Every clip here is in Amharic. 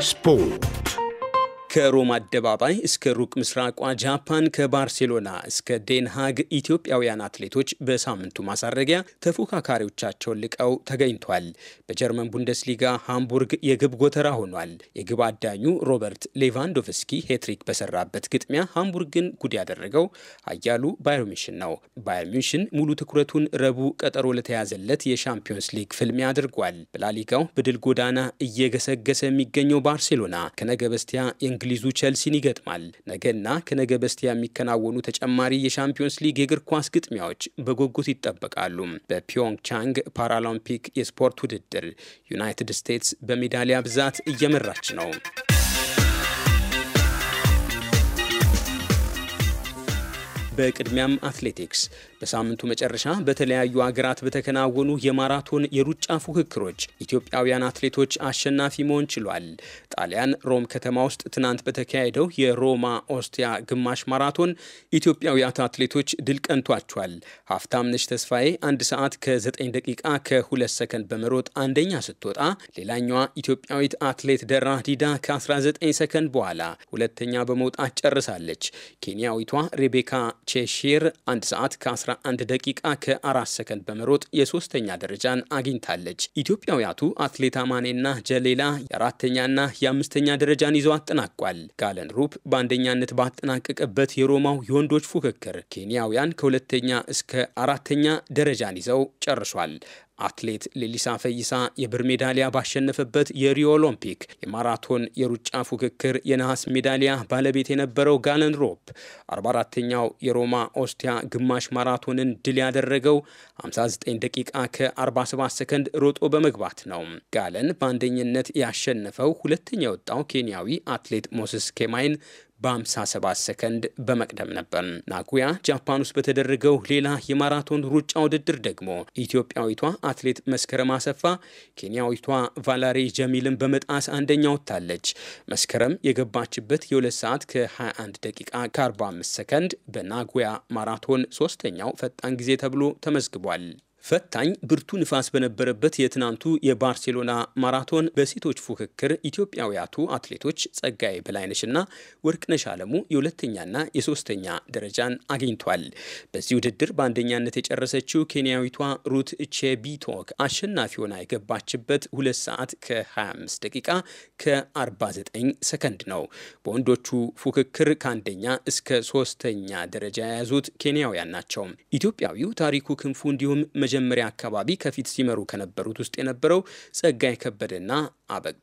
Sport. ከሮም አደባባይ እስከ ሩቅ ምስራቋ ጃፓን ከባርሴሎና እስከ ዴንሃግ ኢትዮጵያውያን አትሌቶች በሳምንቱ ማሳረጊያ ተፎካካሪዎቻቸውን ልቀው ተገኝቷል። በጀርመን ቡንደስሊጋ ሃምቡርግ የግብ ጎተራ ሆኗል። የግብ አዳኙ ሮበርት ሌቫንዶቭስኪ ሄትሪክ በሰራበት ግጥሚያ ሃምቡርግን ጉድ ያደረገው አያሉ ባየር ሚሽን ነው። ባየር ሚሽን ሙሉ ትኩረቱን ረቡዕ ቀጠሮ ለተያዘለት የሻምፒዮንስ ሊግ ፍልሚያ አድርጓል። በላሊጋው በድል ጎዳና እየገሰገሰ የሚገኘው ባርሴሎና ከነገ በስቲያ እንግሊዙ ቸልሲን ይገጥማል። ነገና ከነገ በስቲያ የሚከናወኑ ተጨማሪ የሻምፒዮንስ ሊግ የእግር ኳስ ግጥሚያዎች በጉጉት ይጠበቃሉ። በፒዮንግቻንግ ፓራሎምፒክ የስፖርት ውድድር ዩናይትድ ስቴትስ በሜዳሊያ ብዛት እየመራች ነው። በቅድሚያም አትሌቲክስ በሳምንቱ መጨረሻ በተለያዩ አገራት በተከናወኑ የማራቶን የሩጫ ፉክክሮች ኢትዮጵያውያን አትሌቶች አሸናፊ መሆን ችሏል። ጣሊያን ሮም ከተማ ውስጥ ትናንት በተካሄደው የሮማ ኦስቲያ ግማሽ ማራቶን ኢትዮጵያውያት አትሌቶች ድል ቀንቷቸዋል። ሀብታምነሽ ተስፋዬ አንድ ሰዓት ከ9 ደቂቃ ከ2 ሰከንድ በመሮጥ አንደኛ ስትወጣ፣ ሌላኛዋ ኢትዮጵያዊት አትሌት ደራ ዲዳ ከ19 ሰከንድ በኋላ ሁለተኛ በመውጣት ጨርሳለች። ኬንያዊቷ ሬቤካ ቼሺር አንድ ሰዓት ከ 11 ደቂቃ ከ4 ሰከንድ በመሮጥ የሶስተኛ ደረጃን አግኝታለች። ኢትዮጵያውያቱ አትሌት አማኔና ጀሌላ የአራተኛና የአምስተኛ ደረጃን ይዘው አጠናቋል። ጋለን ሩፕ በአንደኛነት ባጠናቀቀበት የሮማው የወንዶች ፉክክር ኬንያውያን ከሁለተኛ እስከ አራተኛ ደረጃን ይዘው ጨርሷል። አትሌት ሌሊሳ ፈይሳ የብር ሜዳሊያ ባሸነፈበት የሪዮ ኦሎምፒክ የማራቶን የሩጫ ፉክክር የነሐስ ሜዳሊያ ባለቤት የነበረው ጋለን ሮፕ 44ተኛው የሮማ ኦስቲያ ግማሽ ማራቶንን ድል ያደረገው 59 ደቂቃ ከ47 ሰከንድ ሮጦ በመግባት ነው። ጋለን በአንደኝነት ያሸነፈው ሁለተኛ የወጣው ኬንያዊ አትሌት ሞስስ ኬማይን በ57 ሰከንድ በመቅደም ነበር። ናጉያ ጃፓን ውስጥ በተደረገው ሌላ የማራቶን ሩጫ ውድድር ደግሞ ኢትዮጵያዊቷ አትሌት መስከረም አሰፋ ኬንያዊቷ ቫላሪ ጀሚልን በመጣስ አንደኛ ወጥታለች። መስከረም የገባችበት የ2 ሰዓት ከ21 ደቂቃ ከ45 ሰከንድ በናጉያ ማራቶን ሶስተኛው ፈጣን ጊዜ ተብሎ ተመዝግቧል። ፈታኝ ብርቱ ንፋስ በነበረበት የትናንቱ የባርሴሎና ማራቶን በሴቶች ፉክክር ኢትዮጵያውያቱ አትሌቶች ጸጋዬ በላይነሽና ወርቅነሽ አለሙ የሁለተኛና የሶስተኛ ደረጃን አግኝቷል። በዚህ ውድድር በአንደኛነት የጨረሰችው ኬንያዊቷ ሩት ቼቢቶክ አሸናፊ ሆና የገባችበት 2 ሰዓት ከ25 ደቂቃ ከ49 ሰከንድ ነው። በወንዶቹ ፉክክር ከአንደኛ እስከ ሶስተኛ ደረጃ የያዙት ኬንያውያን ናቸው። ኢትዮጵያዊው ታሪኩ ክንፉ እንዲሁም መ.ጀ መጀመሪያ አካባቢ ከፊት ሲመሩ ከነበሩት ውስጥ የነበረው ጸጋይ ከበደና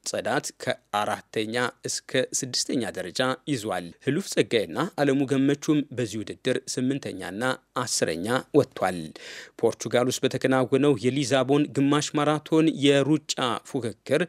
ጸዳት ከአራተኛ እስከ ስድስተኛ ደረጃ ይዟል። ህሉፍ ጸጋይና አለሙ ገመቹም በዚህ ውድድር ስምንተኛና አስረኛ ወጥቷል። ፖርቹጋል ውስጥ በተከናወነው የሊዛቦን ግማሽ ማራቶን የሩጫ ፉክክር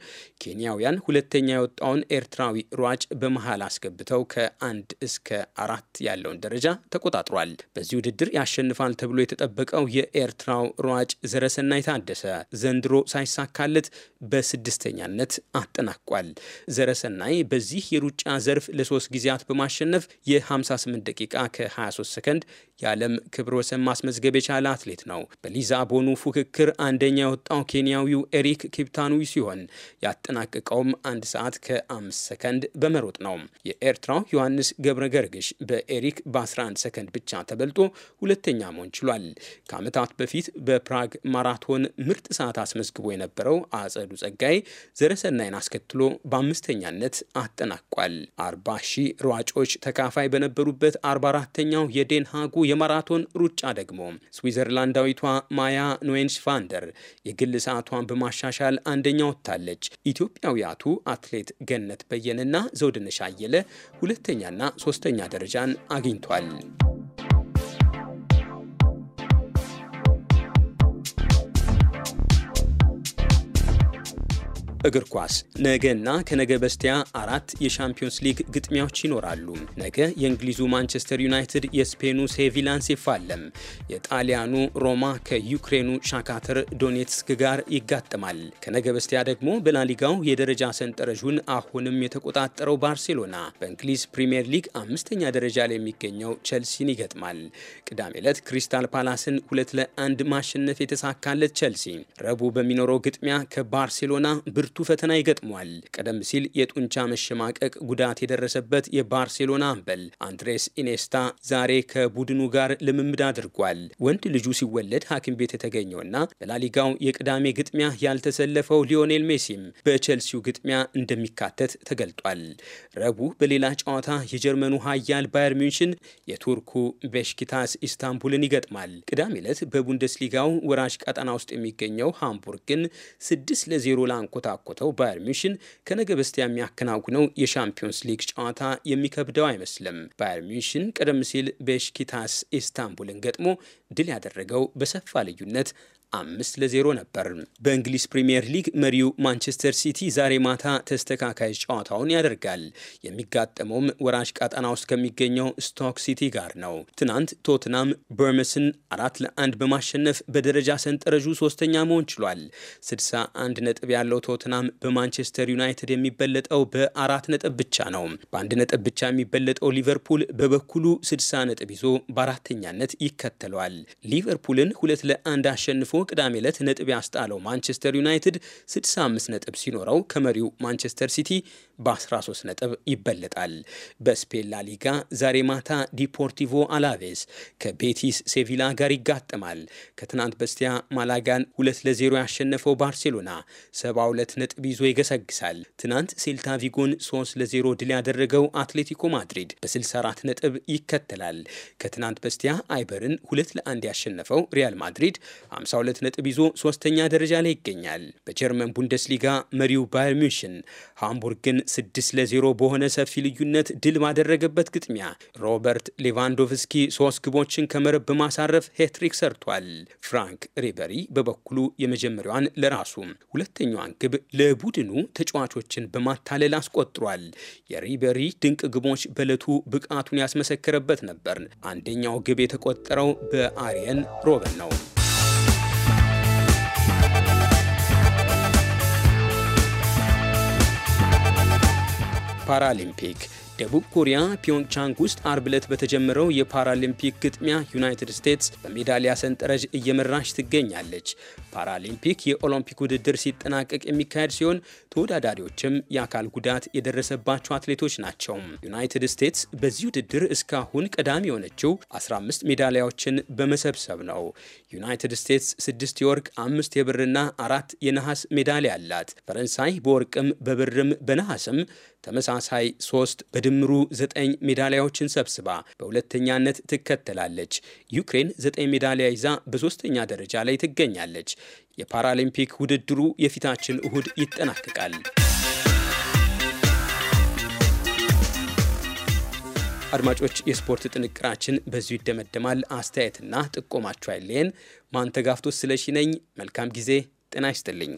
ኬንያውያን ሁለተኛ የወጣውን ኤርትራዊ ሯጭ በመሃል አስገብተው ከአንድ እስከ አራት ያለውን ደረጃ ተቆጣጥሯል። በዚህ ውድድር ያሸንፋል ተብሎ የተጠበቀው የኤርትራው ሯጭ ዘረሰናይ ታደሰ ዘንድሮ ሳይሳካለት በስድስተኛነት በመሪነት አጠናቋል። ዘረሰናይ በዚህ የሩጫ ዘርፍ ለሶስት ጊዜያት በማሸነፍ የ58 ደቂቃ ከ23 ሰከንድ የዓለም ክብረ ወሰን ማስመዝገብ የቻለ አትሌት ነው። በሊዛቦኑ ፉክክር አንደኛ የወጣው ኬንያዊው ኤሪክ ኪፕታኑዊ ሲሆን ያጠናቀቀውም አንድ ሰዓት ከ 5 ሰከንድ በመሮጥ ነው። የኤርትራው ዮሐንስ ገብረ ገርግሽ በኤሪክ በ11 ሰከንድ ብቻ ተበልጦ ሁለተኛ መሆን ችሏል። ከዓመታት በፊት በፕራግ ማራቶን ምርጥ ሰዓት አስመዝግቦ የነበረው አጸዱ ጸጋይ ዘረ ግብረሰናይን አስከትሎ በአምስተኛነት አጠናቋል። አርባ ሺህ ሯጮች ተካፋይ በነበሩበት አርባ አራተኛው የዴንሃጉ የማራቶን ሩጫ ደግሞ ስዊዘርላንዳዊቷ ማያ ኖዌንሽቫንደር የግል ሰዓቷን በማሻሻል አንደኛ ወጥታለች። ኢትዮጵያውያቱ አትሌት ገነት በየንና ዘውድነሽ አየለ ሁለተኛና ሶስተኛ ደረጃን አግኝቷል። እግር ኳስ ነገና ከነገ በስቲያ አራት የሻምፒዮንስ ሊግ ግጥሚያዎች ይኖራሉ። ነገ የእንግሊዙ ማንቸስተር ዩናይትድ የስፔኑ ሴቪላን ሲፋለም፣ የጣሊያኑ ሮማ ከዩክሬኑ ሻካተር ዶኔትስክ ጋር ይጋጠማል። ከነገ በስቲያ ደግሞ በላሊጋው የደረጃ ሰንጠረዡን አሁንም የተቆጣጠረው ባርሴሎና በእንግሊዝ ፕሪምየር ሊግ አምስተኛ ደረጃ ላይ የሚገኘው ቸልሲን ይገጥማል። ቅዳሜ ዕለት ክሪስታል ፓላስን ሁለት ለአንድ ማሸነፍ የተሳካለት ቸልሲ ረቡዕ በሚኖረው ግጥሚያ ከባርሴሎና ብርቱ ብርቱ ፈተና ይገጥሟል። ቀደም ሲል የጡንቻ መሸማቀቅ ጉዳት የደረሰበት የባርሴሎና አምበል አንድሬስ ኢኔስታ ዛሬ ከቡድኑ ጋር ልምምድ አድርጓል። ወንድ ልጁ ሲወለድ ሐኪም ቤት የተገኘውና በላሊጋው የቅዳሜ ግጥሚያ ያልተሰለፈው ሊዮኔል ሜሲም በቼልሲው ግጥሚያ እንደሚካተት ተገልጧል። ረቡዕ በሌላ ጨዋታ የጀርመኑ ኃያል ባየር ሚንሽን የቱርኩ ቤሽኪታስ ኢስታንቡልን ይገጥማል። ቅዳሜ ዕለት በቡንደስሊጋው ወራጅ ቀጠና ውስጥ የሚገኘው ሃምቡርግን ስድስት ለዜሮ ላንኮታኮ የተኮተኮተው ባየር ሚሽን ከነገ በስቲያ የሚያከናውነው የሻምፒዮንስ ሊግ ጨዋታ የሚከብደው አይመስልም። ባየር ሚሽን ቀደም ሲል በሽኪታስ ኢስታንቡልን ገጥሞ ድል ያደረገው በሰፋ ልዩነት አምስት ለዜሮ ነበር። በእንግሊዝ ፕሪምየር ሊግ መሪው ማንቸስተር ሲቲ ዛሬ ማታ ተስተካካይ ጨዋታውን ያደርጋል። የሚጋጠመውም ወራጅ ቀጠና ውስጥ ከሚገኘው ስቶክ ሲቲ ጋር ነው። ትናንት ቶትናም በርመስን አራት ለአንድ በማሸነፍ በደረጃ ሰንጠረዡ ሶስተኛ መሆን ችሏል። 61 ነጥብ ያለው ቶትና ቶተንሃም በማንቸስተር ዩናይትድ የሚበለጠው በአራት ነጥብ ብቻ ነው። በአንድ ነጥብ ብቻ የሚበለጠው ሊቨርፑል በበኩሉ 60 ነጥብ ይዞ በአራተኛነት ይከተለዋል። ሊቨርፑልን ሁለት ለአንድ አሸንፎ ቅዳሜ ዕለት ነጥብ ያስጣለው ማንቸስተር ዩናይትድ 65 ነጥብ ሲኖረው ከመሪው ማንቸስተር ሲቲ በ13 ነጥብ ይበለጣል። በስፔን ላ ሊጋ ዛሬ ማታ ዲፖርቲቮ አላቬስ ከቤቲስ ሴቪላ ጋር ይጋጠማል። ከትናንት በስቲያ ማላጋን ሁለት ለዜሮ ያሸነፈው ባርሴሎና 72 ነጥብ ይዞ ይገሰግሳል። ትናንት ሴልታ ቪጎን 3 ለዜሮ ድል ያደረገው አትሌቲኮ ማድሪድ በ64 ነጥብ ይከተላል። ከትናንት በስቲያ አይበርን ሁለት ለአንድ ያሸነፈው ሪያል ማድሪድ 52 ነጥብ ይዞ ሶስተኛ ደረጃ ላይ ይገኛል። በጀርመን ቡንደስሊጋ መሪው ባየር ሚንሽን ሃምቡርግን 6 ለዜሮ በሆነ ሰፊ ልዩነት ድል ባደረገበት ግጥሚያ ሮበርት ሌቫንዶቭስኪ ሶስት ግቦችን ከመረብ በማሳረፍ ሄትሪክ ሰርቷል። ፍራንክ ሪበሪ በበኩሉ የመጀመሪያዋን ለራሱ ሁለተኛዋን ግብ ለቡድኑ ተጫዋቾችን በማታለል አስቆጥሯል። የሪበሪ ድንቅ ግቦች በዕለቱ ብቃቱን ያስመሰከረበት ነበር። አንደኛው ግብ የተቆጠረው በአሪየን ሮበን ነው። ፓራሊምፒክ ደቡብ ኮሪያ ፒዮንግቻንግ ውስጥ አርብ ዕለት በተጀመረው የፓራሊምፒክ ግጥሚያ ዩናይትድ ስቴትስ በሜዳሊያ ሰንጠረዥ እየመራች ትገኛለች። ፓራሊምፒክ የኦሎምፒክ ውድድር ሲጠናቀቅ የሚካሄድ ሲሆን ተወዳዳሪዎችም የአካል ጉዳት የደረሰባቸው አትሌቶች ናቸው። ዩናይትድ ስቴትስ በዚህ ውድድር እስካሁን ቀዳሚ የሆነችው 15 ሜዳሊያዎችን በመሰብሰብ ነው። ዩናይትድ ስቴትስ ስድስት የወርቅ አምስት የብርና አራት የነሐስ ሜዳሊያ አላት። ፈረንሳይ በወርቅም በብርም በነሐስም ተመሳሳይ ሶስት በ በድምሩ ዘጠኝ ሜዳሊያዎችን ሰብስባ በሁለተኛነት ትከተላለች። ዩክሬን ዘጠኝ ሜዳሊያ ይዛ በሶስተኛ ደረጃ ላይ ትገኛለች። የፓራሊምፒክ ውድድሩ የፊታችን እሁድ ይጠናቀቃል። አድማጮች፣ የስፖርት ጥንቅራችን በዚሁ ይደመደማል። አስተያየትና ጥቆማችሁ አይለየን። ማንተጋፍቶ ስለሺ ነኝ። መልካም ጊዜ። ጤና ይስጥልኝ።